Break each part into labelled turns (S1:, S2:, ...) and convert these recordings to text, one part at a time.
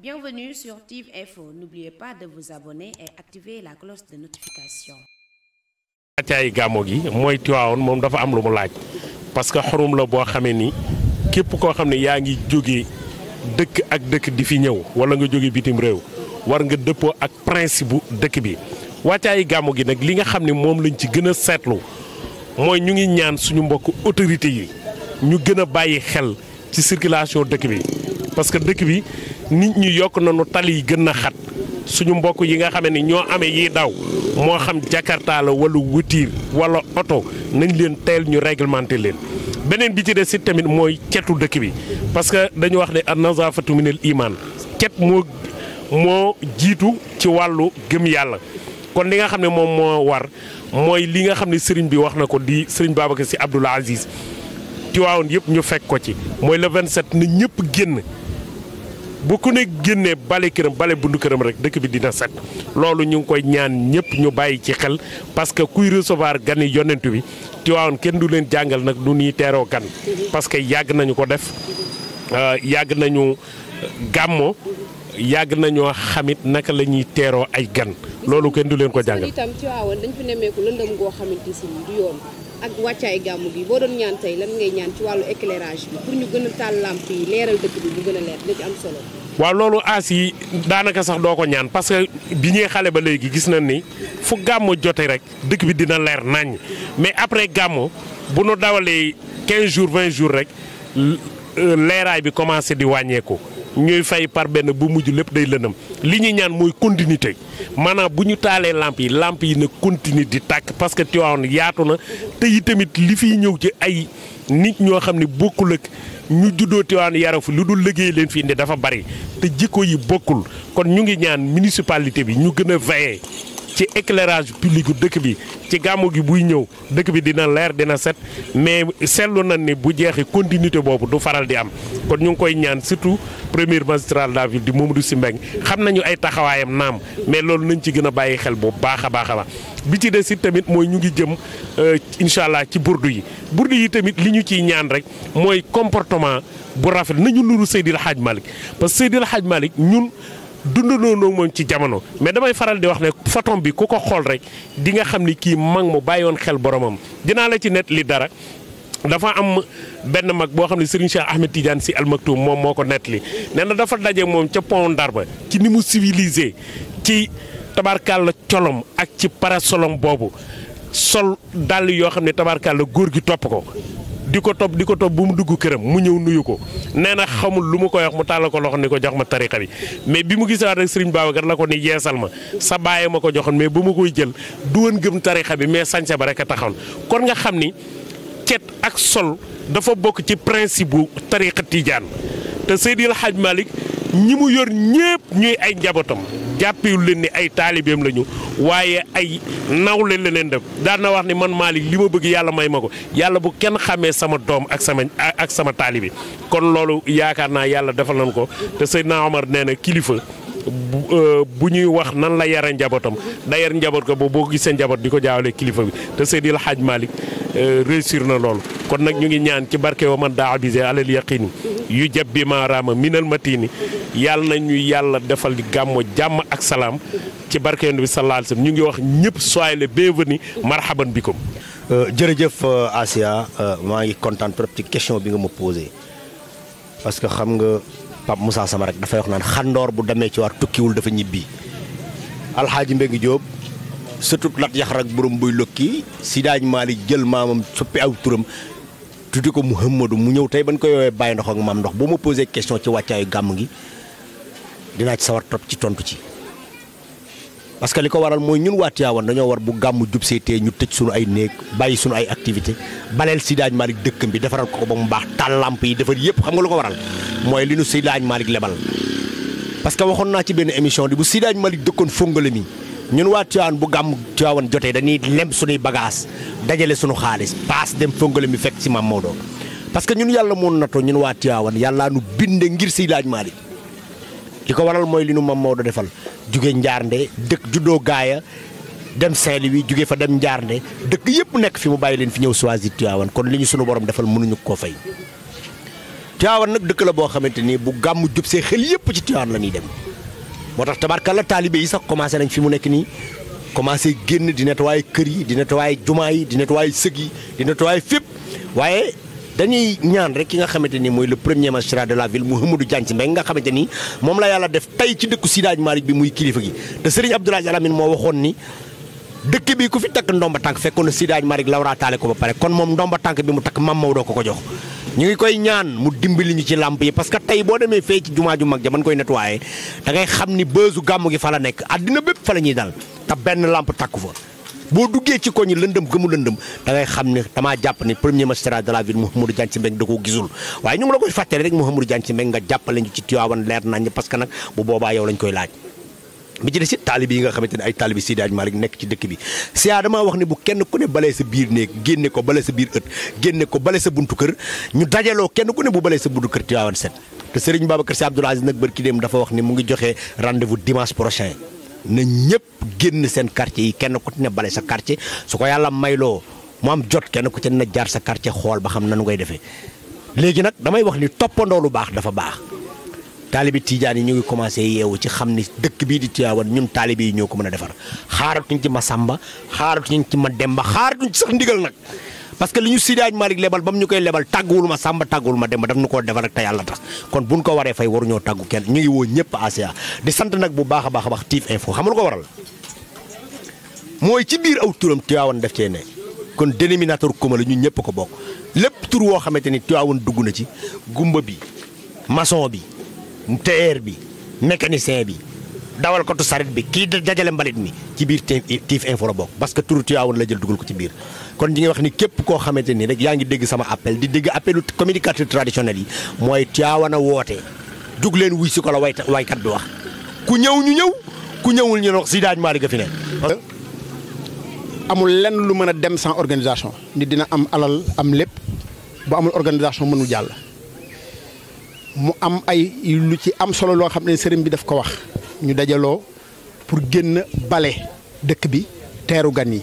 S1: Bienvenue sur TIV Info. N'oubliez pas de vous abonner et activer la cloche de notification.
S2: wàccaay gàmmu gi mooy Tiwaawoon moom dafa am lu mu laaj parce que xorum la boo xamee ni képp koo xam ne yaa ngi jóge dëkk ak dëkk di fi ñëw wala nga jóge bitim réew war nga dëppoo ak principe bu dëkk bi wàccaay gàmmu gi nag li nga xam ne moom lañ ci gën a seetlu mooy ñu ngi ñaan suñu mbokk autorité yi ñu gën a bàyyi xel ci circulation dëkk bi parce que dëkk bi nit ñi yokk nañu tali yi gën a xat suñu mbokk yi nga xamee ni ñoo amee yi daw moo xam jakarta la wala wutir wala oto nañ leen teel ñu réglementé leen beneen bi ci des si tamit mooy cetu dëkk bi parce que dañu wax ne an nazafatu minal imaan cet moo moo jiitu ci wàllu gëm yàlla kon li nga xam ne moom moo war mooy li nga xam ne sëriñ bi wax na ko di sëriñ baaba Babacar Sy Abdoul Aziz Tiwaawoon yëpp ñu fekk ko ci mooy le 27 na ñëpp génn bu ku ne génnee bale këram bale bundu këram rek dëkk bi dina set loolu ñu ngi koy ñaan ñëpp ñu bàyyi ci xel parce que kuy recevoir gan yi yonent bi Tiwaawan kenn du leen jàngal nag du ñuy teeroo gan parce que yàgg nañu ko def euh, yàgg nañu gàmmoo yàgg nañoo xamit naka la ñuy teeroo ay gan loolu kenn du leen ko jàngal.
S1: ak wàccaay gàmmu gi boo doon ñaan tey lan ngay ñaan ci wàllu éclairage bi pour ñu gën a yi leeral dëkk bi bu gën leer dina ci am solo.
S2: waaw loolu aas daanaka sax doo ko ñaan parce que bi ñuy xale ba léegi gis nañ ni fu gàmmu jote rek dëkk bi dina leer naññ mais après gàmmu bu nu dawalee 15 jours 20 jours rek euh, leeraay bi commencé di wàññeeku. ñuy fay par benn bu mujj lépp day lëndëm li ñuy ñaan mooy continuité maanaam bu ñu taalee lamp yi làmp yi na continue di tàkk parce que Tivaouane yaatu na te yi tamit li fiy ñëw ci ay nit ñoo xam ne bokkul ak ñu juddoo Tivaouane yaraw fi lu dul liggéey leen fi indi dafa bari te jikko yi bokkul kon ñu ngi ñaan municipalité bi ñu gën a veiller ci éclairage public dëkk bi ci gàmmu gi buy ñëw dëkk bi dina leer dina set mais seetlu na ni bu jeexee continuité boobu du faral di am kon ñu ngi koy ñaan surtout premier magistrat de la ville di Mamadou Sy Mbengue xam nañu ay taxawaayam naam mais loolu nañ ci gën a bàyyi xel bu baax a baax a baax bi ci des it tamit mooy ñu ngi jëm euh, incha allah ci burdu yi burdu yi tamit li ñu ciy ñaan rek mooy comportement bu rafet nañu nuru Seydil xaaj Malick parce que Seydil Hadj Malick ñun dundandoo moom ci jamono foton bi ku ko xool rek di nga xam ni kii mag mu bàyyoon xel boromam dinaa la ci nett li dara dafa am benn mag boo xam ne Serigne Cheikh Ahmed Tidiane si almaktoum moom moo ko nettali nee na dafa daje moom ca pont Ndarba ci ni mu civilisé ci tabarkalla colom ak ci parasolom boobu sol dàll yoo xam ne la góor gi topp ko. di ko topp di ko topp bu mu dugg këram mu ñëw nuyu ko nee na xamul lu mu koy wax mu tàllal ko loxo ni ko jox ma tariqa bi mais bi mu gisaat rek Serigne Babacar la ko ni yeesal ma sa bàyyi ma ko joxoon mais bu ma koy jël du woon gëm tariqa bi mais sañse ba rek a taxaw kon nga xam ni cet ak sol dafa bokk ci principe bu tariqa tiijaan te Seydil xaaj Malick ñi mu yor ñépp ñuy ay njabootam. jàppewul leen ni ay taalibeem lañu waaye ay nawle la leen def daan na wax ni man Malick li ma bëgg yàlla may ma ko yàlla bu kenn xamee sama doom ak sama ak sama taalibe kon loolu yaakaar naa yàlla defal nañ ko te Seydina Omar nee na kilifa. bu euh, ñuy wax nan la yare njabootam da yar njaboot ko boo boo gisee njaboot di ko jaawalee kilifa bi te la xaaj maalik euh, réussir na loolu kon nag ñu ngi ñaan ci barke wa man daa abisé alal yaqini yu jabbi rama minal matini yalla nañu yalla defal gàmmo jàmm ak salam ci barke yonent bi sallallahu alaihi wasallam ñu ngi wax ñepp soyez le bienvenu marhaban bikum jeuf euh,
S3: Asia euh, ma ngi kontaan trop ci question bi nga mo poser parce que xam nga pap Moussa Sama rek dafay wax nan xandor bu demé ci tukki wul dafa ñibbi hadji mbeng Diop surtout lat yax rek buy lokki sidaj daañ jël mamam soppi aw turum tuddi ko mu Muhammadu mu ñëw tey bañ koy woowee bàyyi ndox ak maam ndox boo ma posé question ci wàccaayu gàmm gi dinaa ci sawar trop ci tontu ci. parce que li ko waral mooy ñun waa Tivaouane dañoo war bu gàmm jub seetee ñu tëj suñu ay néeg bàyyi suñu ay activité baleel Sidaañ Malick dëkkam bi defaral ko ba mu baax taal lamp yi defar yëpp xam nga lu ko waral mooy li nu Sidaañ Malick lebal. parce que waxoon naa ci benn émission di bu Sidaañ Malick dëkkoon fongale mi ñun waa Tiwaan bu gàmm Tiwaan jotee dañi lem suñu bagage dajale suñu xaaliss pass dem fongale mi fekk ci mam modo parce que ñun yalla mo nato ñun waa Tiwaan yalla nu bind ngir si laaj Maalik liko waral moy li nu mam modo defal jóge Njaarnde dekk juddoo gaaya dem saint wi jóge fa dem Njaarnde dekk yëpp nek fi mu bàyyi leen fi ñëw choisir Tiwaan kon liñu suñu borom defal mënuñu ko fay Tiwaan nak dekk la bo xamanteni bu gam jub see xel yëpp ci Tiwaan la ñuy dem moo tax tabarkalla taalibe yi sax commencé nañ fi mu nekk nii commencé génn di nettoyer kër yi di nettoyer jumaa yi di nettoyer sëg yi di nettoyer fépp waaye dañuy ñaan rek ki nga xamante ni mooy le premier magistrat de la ville Mouhamadou Diagne Sy Mbengue nga xamante ni moom la yàlla def tey ci dëkku Seydi Hadji Malick bi muy kilifa gi te Serigne Abdoulaye Alamine moo waxoon ni dëkk bi ku fi takk ndomba tànk fekkoon na Seydi Hadji Malick lawraataale ko ba pare kon moom ndomba bi mu takk Mame Maodo ko ñu ngi koy ñaan mu dimbali ñu ci làmp yi parce que tey boo demee fee ci jumaa ju mag ja man koy nettoyé da ngay xam ni bësu gàmm gi fa la nekk àddina bépp fa la ñuy dal te benn làmp takku fa. boo duggee ci koñ yi lëndëm gëmu lëndëm da ngay xam ni damaa jàpp ne premier magistrat de la ville Mouhamadou Diagne Sy Mbengue da koo gisul waaye ñu ngi la koy fàttali rek Mouhamadou Diagne Sy Mbengue nga jàppale ñu ci Tivaouane leer nañ parce que nag bu boobaa yow lañ koy laaj. bi ci si it taalib yi nga xamante ne ay taalibi Seydi Hadji Malick nekk ci dëkk bi Sia damaa wax ne bu kenn ku ne balee sa biir néeg génne ko balee sa biir ët génne ko balee sa buntu kër ñu dajaloo kenn ku ne bu balee sa buntu kër Tivaouane set te Serigne Babacar Sy Abdoul Aziz nag barki dem dafa wax ni mu ngi joxe rendez-vous dimanche prochain na ñëpp génn seen quartier yi kenn ku ne balee sa quartier su ko yàlla mayloo mu am jot kenn ku ci na jaar sa quartier xool ba xam na nanu ngay defee léegi nag damay wax ni toppandoo lu baax dafa baax. taalibi tiijaan yi ñu ngi commencé yeewu ci xam ni dëkk bii di Tivaouane ñun taalibi yi ñoo ko mën a defar xaaratuñ ci ma Masamba xaaratuñ ci Mademba xaaratuñ ci sax ndigal nag parce que li ñu Sidaaj Malick lebal ba mu ñu koy lebal tàgguwul ma sàmba tàgguwul ma Demba daf ñu koo defar rek te yàlla tax kon bu buñ ko waree fay ñoo tàggu kenn ñu ngi woo ñëpp ACA di sant nag bu baax a baax a baax TIV info xamul ko waral mooy ci biir aw turam Tivaouane def cee kon dénominateur commun la ñun ñëpp ko bokk lépp tur woo xamante ni Tivaouane dugg na ci gumba bi maçon bi tailleur bi mécanicien bi dawal ko saret bi kii dajale mbalit mi ci biir TIV info la bokk parce que turu Tivaouane la jël dugal ko ci biir kon ñi ngi wax ni képp koo xamante ni rek yaa ngi dégg sama appel di dégg appelu communicateur traditionnel yi mooy Tivaouane a woote jug leen wuy si ko la wayta waykat bi wax
S1: ku ñëw ñu ñëw ku ñëwul ñu wax si daaj maa fi ne amul lenn lu mën a dem san organisation ni dina am alal am lépp bu amul organisation mënul jàll mu am ay lu ci am solo lo xamné ne sëriñ bi daf ko wax ñu dajaloo pour génn balé dëkk bi téru gan yi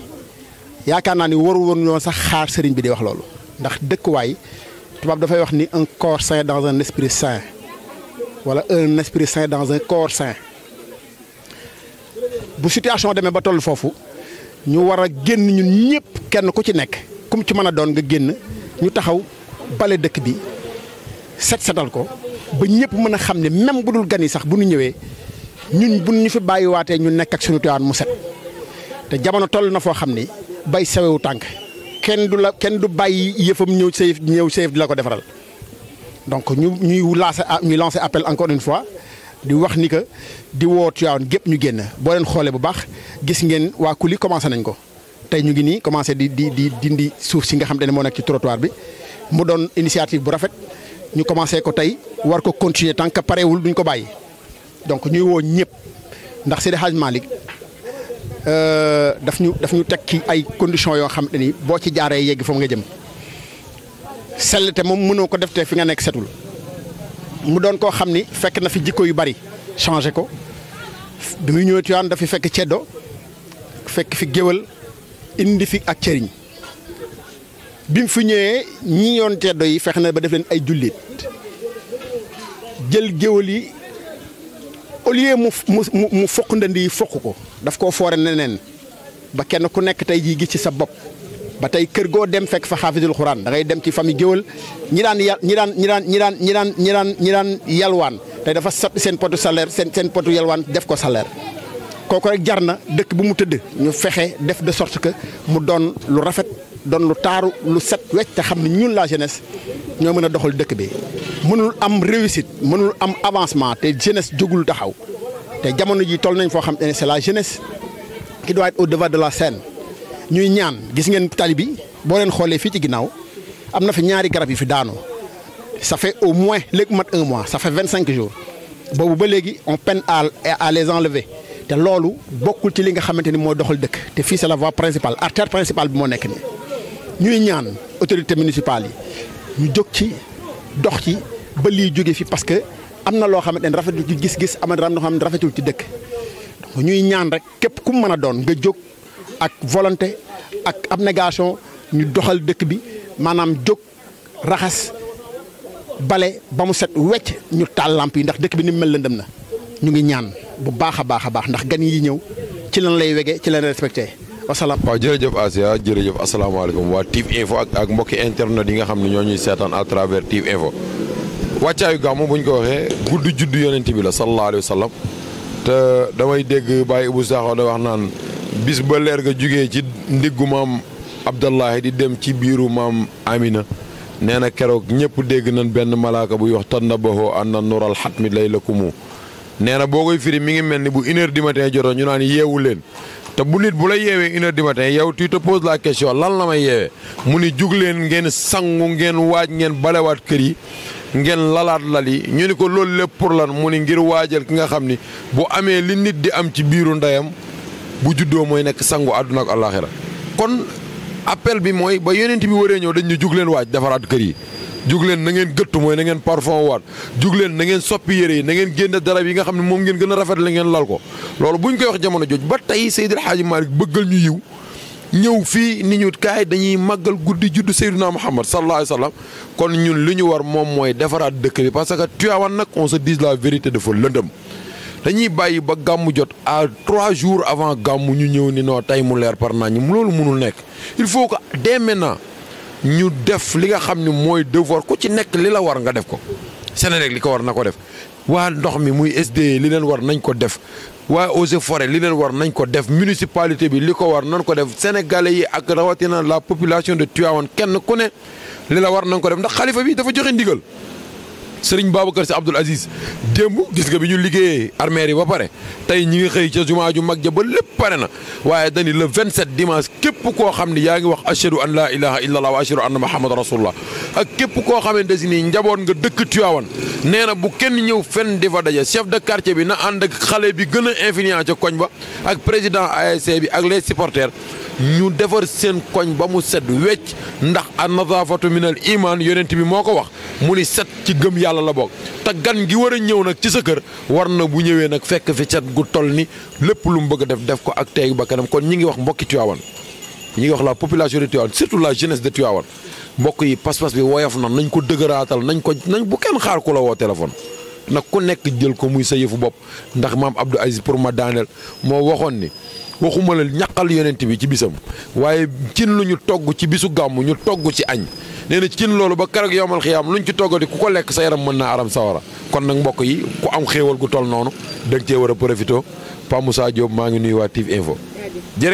S1: yaakaar naa ni waru woon ñoo sax xaar sëriñ bi di wax loolu ndax dëkk dëkkuwaay tubaab dafay wax ni un corps saint dans un esprit saint wala un esprit saint dans un corps saint bu situation demee ba toll foofu ñu war a génn ñun ñëpp kenn ku ci nekk kum ci mën a doon nga génn ñu taxaw bale dëkk bi set setal ko ba ñëpp mën a xam ne même bu dul gan yi sax bu ñu ñëwee ñun bu ñu fi bàyyiwaatee ñu nekk ak suñu Tiwaawan mu set te jamono toll na foo xam ni bay sawewu tànk kenn du la kenn du bàyyi yëfam ñëw sayf ñëw sayf di la ko defaral donc ñu ñuy lancé ñuy lancé appel encore une fois di wax ni que di woo Tiwaawan gépp ñu génn boo leen xoolee bu baax gis ngeen waa Kuli commencé nañ ko tey ñu ngi nii commencé di di di dindi suuf si nga xam te ne moo nekk ci trottoir bi mu doon initiative bu rafet. ñu commencé ko tey war ko continuer tant que parewul duñ ko bàyyi donc ñuy woon ñëpp ndax Seydi Hadj Malick euh, daf ñu daf ñu teg ci ay conditions yoo xam ni boo ci jaaree yegg foofu nga jëm sell moom mënoo ko def te fi nga nekk setul mu doon koo xam ni fekk na fi jikko yu bari changé ko bi muy ñëwee Tiwaawan dafi fekk ceddo fekk fi géwal indi fi ak cëriñ bim mu fi ñëwee ñi yon téddo yi fexna ba def leen ay julit jël géwal au lieu mu mu fokk ndandi fokk ko daf ko foré nenen ba kenn ku nekk tay ji gi ci sa bop ba tay kër go dem fekk fa hafizul qur'an da ngay dem ci fami géwal ñi daan ñi daan ñi daan ñi daan ñi daan ñi daan ñi daan yalwaan tay dafa sab seen potu salaire seen seen potu yalwaan def ko salaire koko rek jarna dekk bu mu tëdd ñu fexé def de sorte que mu don lu rafet Donne le taru set la jeunesse nous mën a dëkk bi mënul am réussite mënul am avancement jeunesse du taxaw c'est la jeunesse qui doit être au devant de la scène Nous, gis ngeen talibi talibis, leen ci am na ça fait au moins un mois ça fait 25 jours on peine à les enlever c'est la voie principale artère principale de ñuy ñaan autorité municipale yi ñu jóg ci dox ci ba lii jóge fi parce que am na loo xamante ne rafetul ci gis-gis am na loo xam ne rafetul ci dëkk donc ñuy ñaan rek képp ku mën a doon nga jóg ak volonté ak abnégation ñu doxal dëkk bi maanaam jóg raxas bale ba mu set wecc ñu taal lamp yi ndax dëkk bi ni mu mel lëndëm na ñu ngi ñaan bu baax a baax a baax ndax gan yi ñëw ci lan lay wege ci lan respecté
S4: wasalaam waaw jërëjëf Asia jërëjëf asalaamaaleykum waa TIV info ak ak mbokki internet yi nga xam ne ñoo ñuy seetaan à travers TIV info wàccaayu gàmmu buñ ko waxee gudd juddu yonent bi la sallallahu alayhi wa te damay dégg Baye Ibou Sakho da wax naan bis ba leer ga jóge ci ndiggu maam Abdallahi di dem ci biiru maam Amina nee na keroog ñëpp dégg nañ benn malaaka buy wax tannabahoo an na nural xat mi lay la kumu nee na boo koy firi mi ngi mel ni bu une heure du matin jotoon ñu naan yeewu leen te bu nit bu la yeewee une heure du matin yow tu te poses la question lan la may yeewee mu ni jug leen ngeen sangu ngeen waaj ngeen balewaat kër yi ngeen lalaat lal yi ñu ni ko loolu lépp pour lan mu ni ngir waajal ki nga xam ni bu amee li nit di am ci biiru ndeyam bu juddoo mooy nekk sangu àdduna ak àllaaxira kon appel bi mooy ba yonent bi waree ñëw dañu ñu jug leen waaj defaraat kër yi juglen na ngeen geut moy na ngeen parfum wat juglen na ngeen soppi yere binga na ngeen genn darab yi nga xam mom ngeen gëna rafet la ngeen lal ko loolu buñ koy wax jamono joj ba tay sayyidul haji malik bëggal ñu yiw ñew fi ni ñu kay dañuy magal guddi judd sayyiduna Muhammad sallallahu Alaihi Wasallam. kon ñun li ñu war mom moy defaraat dekk bi parce que awan nak on se dise la vérité dafa lendem dañuy bayyi ba gamu jot a trois jours avant gamu ñu ñew ni no tay mu leer par nañ mënul nek il faut que dès maintenant ñu def li nga xam ni mooy devoir ku ci nekk li la war nga def ko Senelec li ko war na ko def waa ndox mi muy SDE li leen war nañ ko def waa eaux et forêts li leen war nañ ko def municipalité bi li ko war nañ ko def sénégalais yi ak rawatina la population de Tivaouane kenn ku ne li la war nañ ko def ndax xalifa bi dafa joxe ndigal sëriñ Babacar si Abdoul Aziz démb gis nga bi ñu liggéeyee armeer yi ba pare tey ñi ngi xëy ca jumaa ju mag ja ba lépp pare na waaye dañi le 27 dimanche képp koo xam ne yaa ngi wax ashhadu an laa ilaha illa allah wa ashhadu anna muhammadan rasulullah ak képp koo xamante si nii njaboot nga dëkk Tiwaawan nee na bu kenn ñëw fenn di fa daje chef de quartier bi na ànd ak xale bi gën a influent ca koñ ba ak président ASC bi ak les supporters ñu defar seen koñ ba mu set wecc ndax an nadaafatu minal iman yonent bi moo ko wax ci gëm yàlla la bokk te gan gi war a ñëw nag ci sa kër war na bu ñëwee nag fekk fi set gu toll ni lépp lu mu bëgg def def ko ak tey ba kanam kon ñi ngi wax mbokki Tivaouane ñi ngi wax la population de Tivaouane surtout la jeunesse de Tivaouane mbokk yi pas-pas bi woyof na nañ ko dëgëraatal nañ ko nañ bu kenn xaar ku la woo téléphone. na ku nekk jël ko muy sa yëfu bopp ndax maam Abdou Aziz pour ma daaneel moo waxoon ni waxuma la ñaqal yonent bi ci bisam waaye cin lu ñu togg ci bisu gàmm ñu togg ci añ. nee na cin loolu ba keroog yowmal xiyaam luñ ci toggati ku ko lekk sa yaram mën naa aram sawara kon nag mbokk yi ku am xéewal gu toll noonu da cee war a profité Pape Moussa Diop maa ngi nuyu waa TIV info jërë